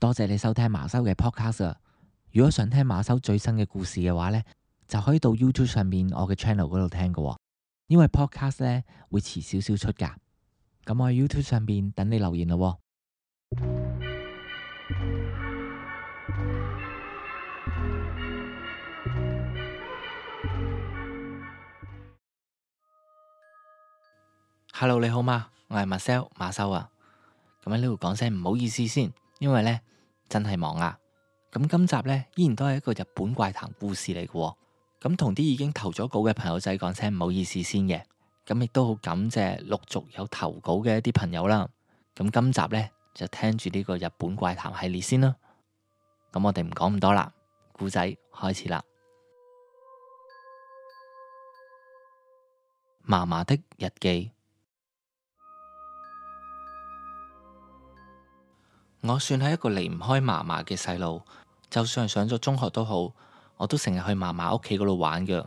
多謝你收聽馬修嘅 podcast。如果想聽馬修最新嘅故事嘅話呢，就可以到 YouTube 上面我嘅 channel 嗰度聽噶。因為 podcast 呢會遲少少出噶。咁我喺 YouTube 上面等你留言咯。Hello，你好嗎？我係 Marcel，馬修啊。咁喺呢度講聲唔好意思先。因為咧真係忙啊，咁今集咧依然都係一個日本怪談故事嚟嘅。哦，咁同啲已經投咗稿嘅朋友仔講聲唔好意思先嘅，咁亦都好感謝陸續有投稿嘅一啲朋友啦，咁今集咧就聽住呢個日本怪談系列先啦，咁我哋唔講咁多啦，故仔開始啦，嫲嫲的日記。我算係一個離唔開嫲嫲嘅細路，就算係上咗中學都好，我都成日去嫲嫲屋企嗰度玩㗎。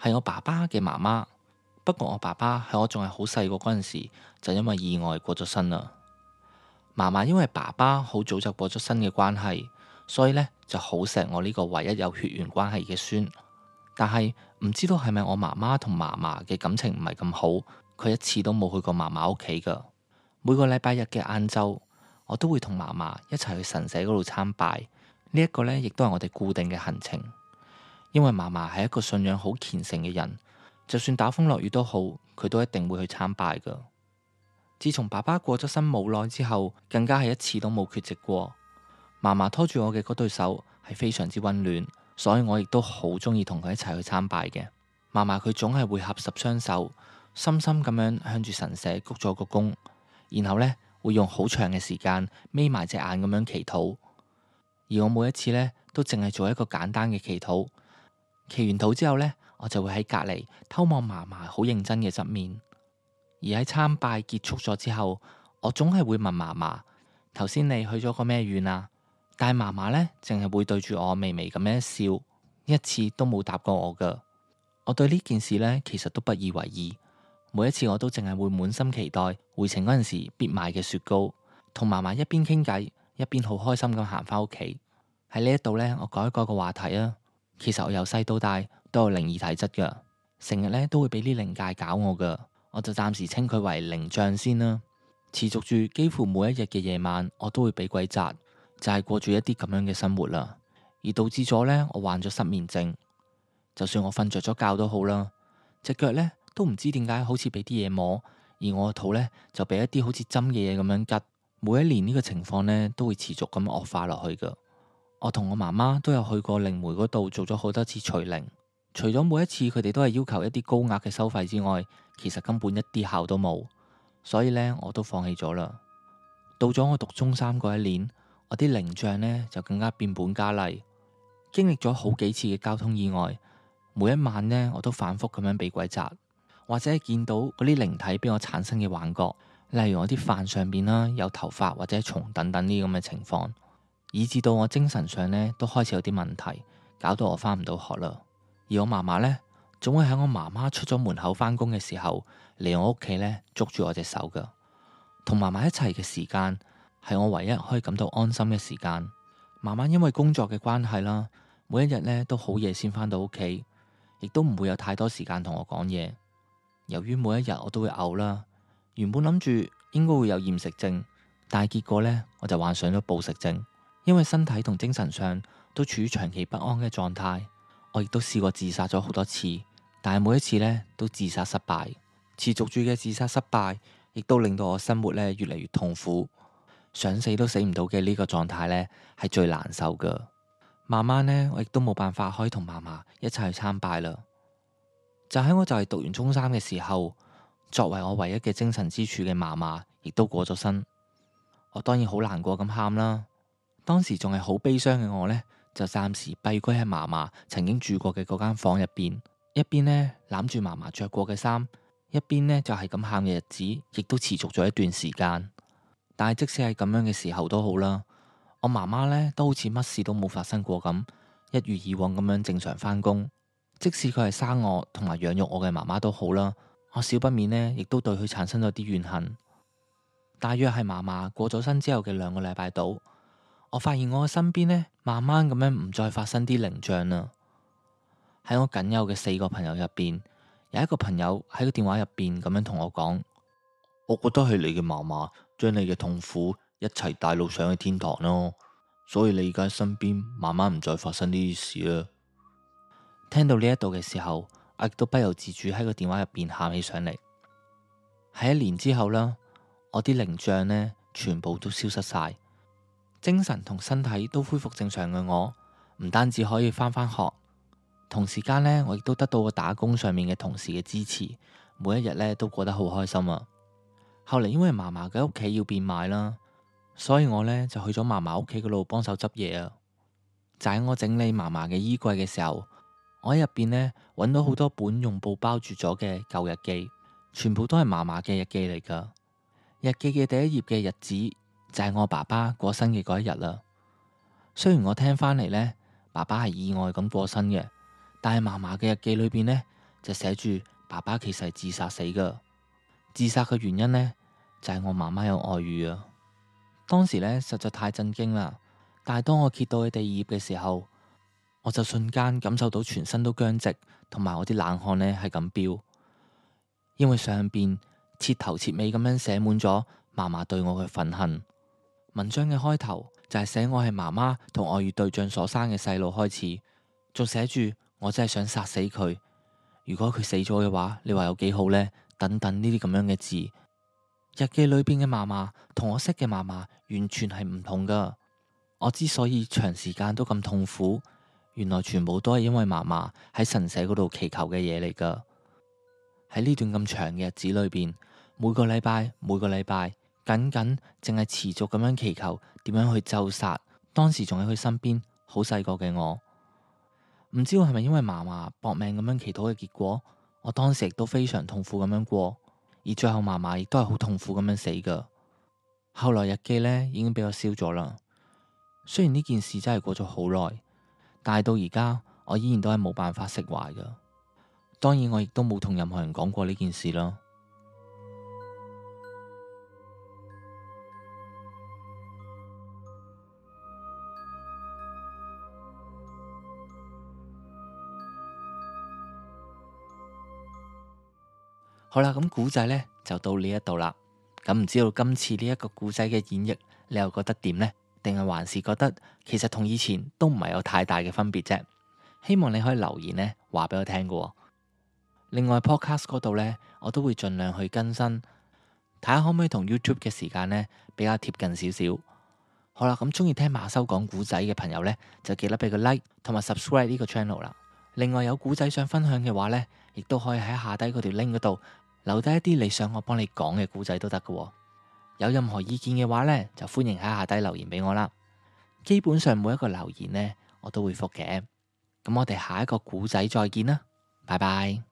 係我爸爸嘅媽媽，不過我爸爸喺我仲係好細個嗰陣時，就因為意外過咗身啦。嫲嫲因為爸爸好早就過咗身嘅關係，所以咧就好錫我呢個唯一有血緣關係嘅孫。但係唔知道係咪我媽媽同嫲嫲嘅感情唔係咁好，佢一次都冇去過嫲嫲屋企噶。每個禮拜日嘅晏晝。我都會同嫲嫲一齊去神社嗰度參拜，這個、呢一個咧亦都係我哋固定嘅行程。因為嫲嫲係一個信仰好虔誠嘅人，就算打風落雨都好，佢都一定會去參拜噶。自從爸爸過咗身冇耐之後，更加係一次都冇缺席過。嫲嫲拖住我嘅嗰對手係非常之溫暖，所以我亦都好中意同佢一齊去參拜嘅。嫲嫲佢總係會合十雙手，深深咁樣向住神社鞠咗個躬，然後咧。會用好長嘅時間眯埋隻眼咁樣祈禱，而我每一次咧都淨係做一個簡單嘅祈禱。祈完禱之後咧，我就會喺隔籬偷望嫲嫲好認真嘅側面。而喺參拜結束咗之後，我總係會問嫲嫲：頭先你許咗個咩願啊？但係嫲嫲咧淨係會對住我微微咁樣笑，一次都冇答過我噶。我對呢件事咧其實都不以為意。每一次我都淨係會滿心期待回程嗰陣時，必買嘅雪糕，同嫲嫲一邊傾偈，一邊好開心咁行返屋企。喺呢一度呢，我改過個話題啊。其實我由細到大都有靈異體質嘅，成日呢都會俾啲靈界搞我噶。我就暫時稱佢為靈障先啦。持續住幾乎每一日嘅夜晚，我都會俾鬼壓，就係、是、過住一啲咁樣嘅生活啦，而導致咗呢，我患咗失眠症。就算我瞓着咗覺都好啦，隻腳呢。都唔知點解，好似俾啲嘢摸，而我個肚呢，就俾一啲好似針嘅嘢咁樣拮。每一年呢個情況呢，都會持續咁惡化落去㗎。我同我媽媽都有去過靈媒嗰度做咗好多次除靈，除咗每一次佢哋都係要求一啲高額嘅收費之外，其實根本一啲效都冇，所以呢，我都放棄咗啦。到咗我讀中三嗰一年，我啲靈障呢，就更加變本加厲，經歷咗好幾次嘅交通意外，每一晚呢，我都反復咁樣被鬼壓。或者係見到嗰啲靈體俾我產生嘅幻覺，例如我啲飯上邊啦有頭髮或者蟲等等呢啲咁嘅情況，以至到我精神上咧都開始有啲問題，搞到我翻唔到學啦。而我嫲嫲咧，總會喺我媽媽出咗門口翻工嘅時候嚟我屋企咧捉住我隻手㗎。同嫲嫲一齊嘅時間係我唯一可以感到安心嘅時間。媽媽因為工作嘅關係啦，每一日咧都好夜先翻到屋企，亦都唔會有太多時間同我講嘢。由於每一日我都會嘔啦，原本諗住應該會有厭食症，但係結果咧我就患上咗暴食症，因為身體同精神上都處於長期不安嘅狀態，我亦都試過自殺咗好多次，但係每一次咧都自殺失敗，持續住嘅自殺失敗，亦都令到我生活咧越嚟越痛苦，想死都死唔到嘅呢個狀態咧係最難受噶。慢慢咧我亦都冇辦法可以同嫲嫲一齊去參拜啦。就喺我就係讀完中三嘅時候，作為我唯一嘅精神支柱嘅嫲嫲，亦都過咗身。我當然好難過咁喊啦。當時仲係好悲傷嘅我呢，就暫時閉居喺嫲嫲曾經住過嘅嗰間房入邊，一邊呢，攬住嫲嫲着過嘅衫，一邊呢，就係咁喊嘅日子，亦都持續咗一段時間。但係即使係咁樣嘅時候都好啦，我媽媽呢，都好似乜事都冇發生過咁，一如以往咁樣正常返工。即使佢係生我同埋養育我嘅媽媽都好啦，我少不免呢亦都對佢產生咗啲怨恨。大約係媽媽過咗身之後嘅兩個禮拜度，我發現我嘅身邊呢，慢慢咁樣唔再發生啲靈像啦。喺我僅有嘅四個朋友入邊，有一個朋友喺個電話入邊咁樣同我講：我覺得係你嘅媽媽將你嘅痛苦一齊帶路上去天堂咯，所以你而家喺身邊慢慢唔再發生呢啲事啦。聽到呢一度嘅時候，我亦都不由自主喺個電話入邊喊起上嚟。喺一年之後呢，我啲靈障呢全部都消失晒，精神同身體都恢復正常嘅我，唔單止可以翻返學，同時間呢，我亦都得到我打工上面嘅同事嘅支持，每一日呢都過得好開心啊。後嚟因為嫲嫲嘅屋企要變賣啦，所以我呢就去咗嫲嫲屋企嗰度幫手執嘢啊。就喺、是、我整理嫲嫲嘅衣櫃嘅時候。我喺入邊呢，揾到好多本用布包住咗嘅舊日記，全部都係嫲嫲嘅日記嚟噶。日記嘅第一頁嘅日子就係我爸爸過身嘅嗰一日啦。雖然我聽翻嚟呢，爸爸係意外咁過身嘅，但係嫲嫲嘅日記裏邊呢就寫住爸爸其實係自殺死噶。自殺嘅原因呢就係我媽媽有外遇啊。當時呢實在太震驚啦，但係當我揭到佢第二頁嘅時候。我就瞬間感受到全身都僵直，同埋我啲冷汗呢係咁飆，因為上邊徹頭徹尾咁樣寫滿咗嫲嫲對我嘅憤恨。文章嘅開頭就係、是、寫我係嫲嫲同外遇對象所生嘅細路開始，仲寫住我真係想殺死佢。如果佢死咗嘅話，你話有幾好呢？等等呢啲咁樣嘅字，日記裏邊嘅嫲嫲同我識嘅嫲嫲完全係唔同㗎。我之所以長時間都咁痛苦。原來全部都係因為嫲嫲喺神社嗰度祈求嘅嘢嚟噶。喺呢段咁長嘅日子裏邊，每個禮拜每個禮拜，僅僅淨係持續咁樣祈求，點樣去咒殺當時仲喺佢身邊好細個嘅我。唔知道係咪因為嫲嫲搏命咁樣祈禱嘅結果，我當時亦都非常痛苦咁樣過，而最後嫲嫲亦都係好痛苦咁樣死噶。後來日記呢已經俾我燒咗啦。雖然呢件事真係過咗好耐，但係到而家，我依然都係冇辦法釋懷㗎。當然，我亦都冇同任何人講過呢件事囉。嗯、好啦，咁古仔咧就到呢一度啦。咁、嗯、唔知道今次呢一個古仔嘅演繹，你又覺得點咧？定係還是覺得其實同以前都唔係有太大嘅分別啫。希望你可以留言呢話俾我聽㗎。另外 Podcast 嗰度呢，我都會盡量去更新，睇下可唔可以同 YouTube 嘅時間呢比較貼近少少。好啦，咁中意聽馬修講古仔嘅朋友呢，就記得俾個 like 同埋 subscribe 呢個 channel 啦。另外有古仔想分享嘅話呢，亦都可以喺下底嗰條 link 嗰度留低一啲你想我幫你講嘅古仔都得㗎。有任何意見嘅話呢，就歡迎喺下底留言俾我啦。基本上每一個留言呢，我都會回覆嘅。咁我哋下一個故仔再見啦，拜拜。